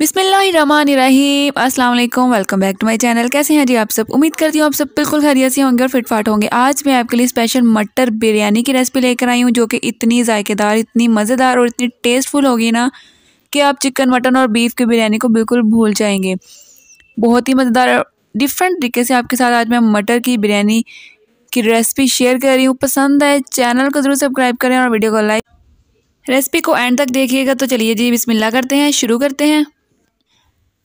बिसमीम अस्सलाम वालेकुम welcome back to my channel कैसे हैं जी आप सब उम्मीद करती हूँ आप सब बिल्कुल खैरियत से होंगे और फिटफाट होंगे आज मैं आपके लिए स्पेशल मटर बिरयानी की रेसिपी लेकर आई हूँ जो कि इतनी जायकेदार इतनी मज़ेदार और इतनी टेस्टफुल होगी ना कि आप चिकन मटन और बीफ की बिरयानी को बिल्कुल भूल जाएंगे बहुत ही मज़ेदार डिफरेंट तरीके से आपके साथ आज मैं मटर की बिरयानी की रेसिपी शेयर कर रही हूँ पसंद है चैनल को ज़रूर सब्सक्राइब करें और वीडियो को लाइक रेसिपी को एंड तक देखिएगा तो चलिए जी बिस्मिल्लाह करते हैं शुरू करते हैं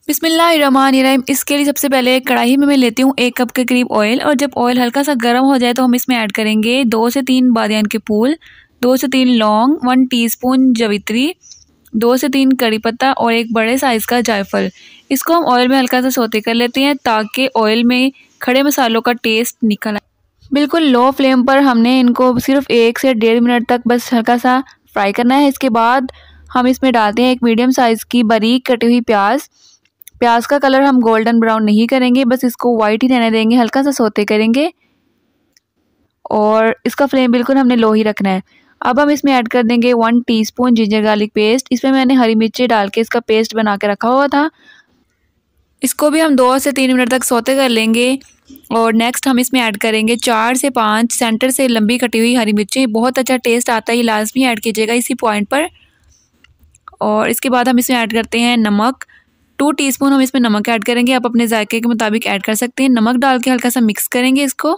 बिसमीम इसके लिए सबसे पहले कढ़ाई में मैं लेती हूँ एक कप के करीब ऑयल और जब ऑयल हल्का सा गर्म हो जाए तो हम इसमें ऐड करेंगे दो से तीन बादियान के फूल दो से तीन लौंग वन टीस्पून जवित्री दो से तीन कड़ी पत्ता और एक बड़े साइज़ का जायफल इसको हम ऑयल में हल्का सा सोते कर लेते हैं ताकि ऑयल में खड़े मसालों का टेस्ट निकल आए बिल्कुल लो फ्लेम पर हमने इनको सिर्फ एक से डेढ़ मिनट तक बस हल्का सा फ्राई करना है इसके बाद हम इसमें डालते हैं एक मीडियम साइज़ की बारीक कटी हुई प्याज़ प्याज का कलर हम गोल्डन ब्राउन नहीं करेंगे बस इसको वाइट ही रहने देंगे हल्का सा सोते करेंगे और इसका फ्लेम बिल्कुल हमने लो ही रखना है अब हम इसमें ऐड कर देंगे one teaspoon ginger garlic paste इसमें मैंने हरी मिर्ची डाल के इसका पेस्ट बना के रखा हुआ था इसको भी हम दो से तीन मिनट तक सोते कर लेंगे और नेक्स्ट हम इसमें ऐड करेंगे चार से पाँच सेंटर से लंबी कटी हुई हरी मिर्ची बहुत अच्छा टेस्ट आता है लाजमी ऐड कीजिएगा इसी पॉइंट पर और इसके बाद हम इसमें ऐड करते हैं नमक टू टीस्पून हम इसमें नमक ऐड करेंगे आप अपने जायके के मुताबिक ऐड कर सकते हैं नमक डाल के हल्का सा मिक्स करेंगे इसको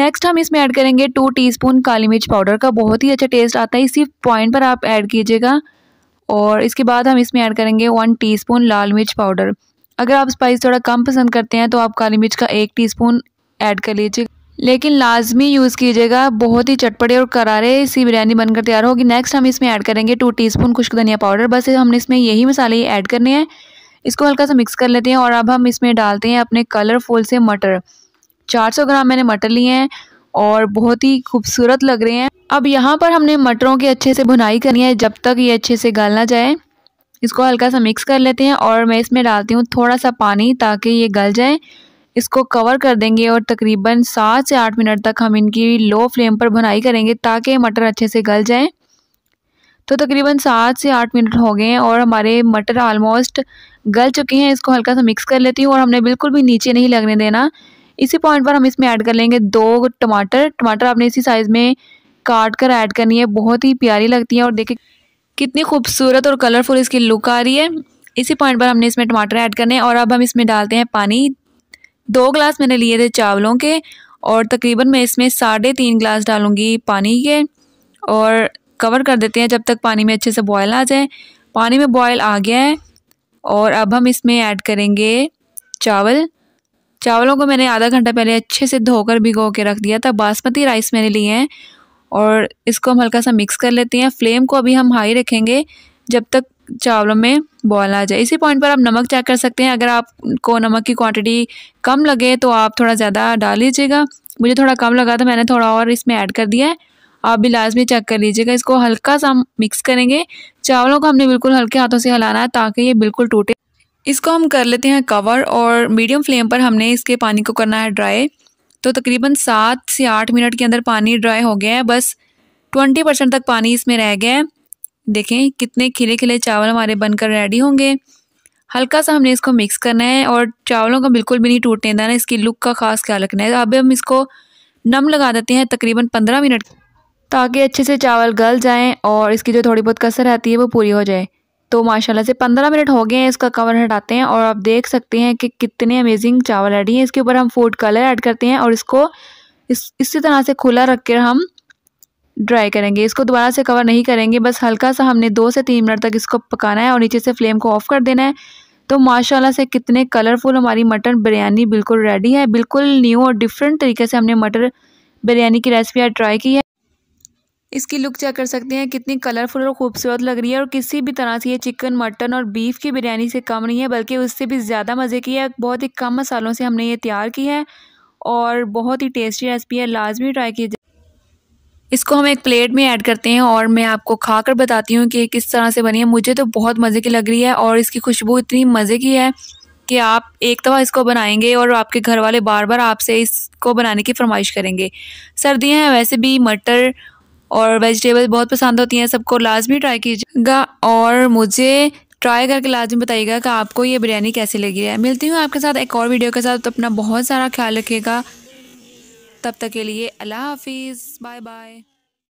नेक्स्ट हम इसमें ऐड करेंगे टू टीस्पून काली मिर्च पाउडर का बहुत ही अच्छा टेस्ट आता है इसी पॉइंट पर आप ऐड कीजिएगा और इसके बाद हम इसमें ऐड करेंगे वन स्पून लाल मिर्च पाउडर अगर आप स्पाइस थोड़ा कम पसंद करते हैं तो आप काली मिर्च का एक स्पून ऐड कर लीजिए लेकिन लाजमी यूज़ कीजिएगा बहुत ही चटपटे और करारे सी बिरयानी बनकर तैयार होगी नेक्स्ट हम इसमें ऐड करेंगे टू टीस्पून खुश्क धनिया पाउडर बस हमने इसमें यही मसाले ऐड करने हैं इसको हल्का सा मिक्स कर लेते हैं और अब हम इसमें डालते हैं अपने कलरफुल से मटर 400 ग्राम मैंने मटर लिए हैं और बहुत ही खूबसूरत लग रहे हैं अब यहाँ पर हमने मटरों की अच्छे से भुनाई करनी है जब तक ये अच्छे से गल ना जाए इसको हल्का सा मिक्स कर लेते हैं और मैं इसमें डालती हूँ थोड़ा सा पानी ताकि ये गल जाए इसको कवर कर देंगे और तकरीबन सात से आठ मिनट तक हम इनकी लो फ्लेम पर भुनाई करेंगे ताकि मटर अच्छे से गल जाएं तो तकरीबन सात से आठ मिनट हो गए हैं और हमारे मटर आलमोस्ट गल चुके हैं इसको हल्का सा मिक्स कर लेती हूँ और हमने बिल्कुल भी नीचे नहीं लगने देना इसी पॉइंट पर हम इसमें ऐड कर लेंगे दो टमाटर टमाटर आपने इसी साइज़ में काट कर ऐड करनी है बहुत ही प्यारी लगती है और देखिए कितनी खूबसूरत और कलरफुल इसकी लुक आ रही है इसी पॉइंट पर हमने इसमें टमाटर ऐड करने हैं और अब हम इसमें डालते हैं पानी दो गिलास मैंने लिए थे चावलों के और तकरीबन मैं इसमें साढ़े तीन गिलास डालूँगी पानी के और कवर कर देते हैं जब तक पानी में अच्छे से बॉयल आ जाए पानी में बॉयल आ गया है और अब हम इसमें ऐड करेंगे चावल चावलों को मैंने आधा घंटा पहले अच्छे से धोकर भिगो के रख दिया था बासमती राइस मैंने लिए हैं और इसको हम हल्का सा मिक्स कर लेते हैं फ्लेम को अभी हम हाई रखेंगे जब तक चावलों में बॉयल आ जाए इसी पॉइंट पर आप नमक चेक कर सकते हैं अगर आपको नमक की क्वांटिटी कम लगे तो आप थोड़ा ज़्यादा डाल लीजिएगा मुझे थोड़ा कम लगा तो मैंने थोड़ा और इसमें ऐड कर दिया है आप भी लाजमी चेक कर लीजिएगा इसको हल्का सा मिक्स करेंगे चावलों को हमने बिल्कुल हल्के हाथों से हलाना है ताकि ये बिल्कुल टूटे इसको हम कर लेते हैं कवर और मीडियम फ्लेम पर हमने इसके पानी को करना है ड्राई तो तकरीबन सात से आठ मिनट के अंदर पानी ड्राई हो गया है बस ट्वेंटी परसेंट तक पानी इसमें रह गया है देखें कितने खिले खिले चावल हमारे बनकर रेडी होंगे हल्का सा हमने इसको मिक्स करना है और चावलों का बिल्कुल भी नहीं टूटने देना इसकी लुक का खास ख्याल रखना है अब हम इसको नम लगा देते हैं तकरीबन पंद्रह मिनट ताकि अच्छे से चावल गल जाएँ और इसकी जो थोड़ी बहुत कसर आती है वो पूरी हो जाए तो माशाल्लाह से पंद्रह मिनट हो गए हैं इसका कवर हटाते हैं और आप देख सकते हैं कि कितने अमेजिंग चावल रेडी हैं इसके ऊपर हम फूड कलर ऐड करते हैं और इसको इस इसी तरह से खुला रख कर हम ड्राई करेंगे इसको दोबारा से कवर नहीं करेंगे बस हल्का सा हमने दो से तीन मिनट तक इसको पकाना है और नीचे से फ्लेम को ऑफ़ कर देना है तो माशाल्लाह से कितने कलरफुल हमारी मटन बिरयानी बिल्कुल रेडी है बिल्कुल न्यू और डिफरेंट तरीके से हमने मटर बिरयानी की रेसिपी आज ट्राई की है इसकी लुक चेक कर सकते हैं कितनी कलरफुल और खूबसूरत लग रही है और किसी भी तरह से ये चिकन मटन और बीफ की बिरयानी से कम नहीं है बल्कि उससे भी ज़्यादा मज़े की है बहुत ही कम मसालों से हमने ये तैयार की है और बहुत ही टेस्टी रेसिपी है लाजमी ट्राई की इसको हम एक प्लेट में ऐड करते हैं और मैं आपको खा कर बताती हूँ कि किस तरह से बनी है मुझे तो बहुत मज़े की लग रही है और इसकी खुशबू इतनी मज़े की है कि आप एक दफ़ा इसको बनाएंगे और आपके घर वाले बार बार आपसे इसको बनाने की फरमाइश करेंगे सर्दियाँ हैं वैसे भी मटर और वेजिटेबल बहुत पसंद होती हैं सबको लाजमी ट्राई कीजिएगा और मुझे ट्राई करके लाजमी बताइएगा कि आपको ये बिरयानी कैसी लगी है मिलती हूँ आपके साथ एक और वीडियो के साथ तो अपना बहुत सारा ख्याल रखिएगा तब तक के लिए अल्लाह हाफिज़ बाय बाय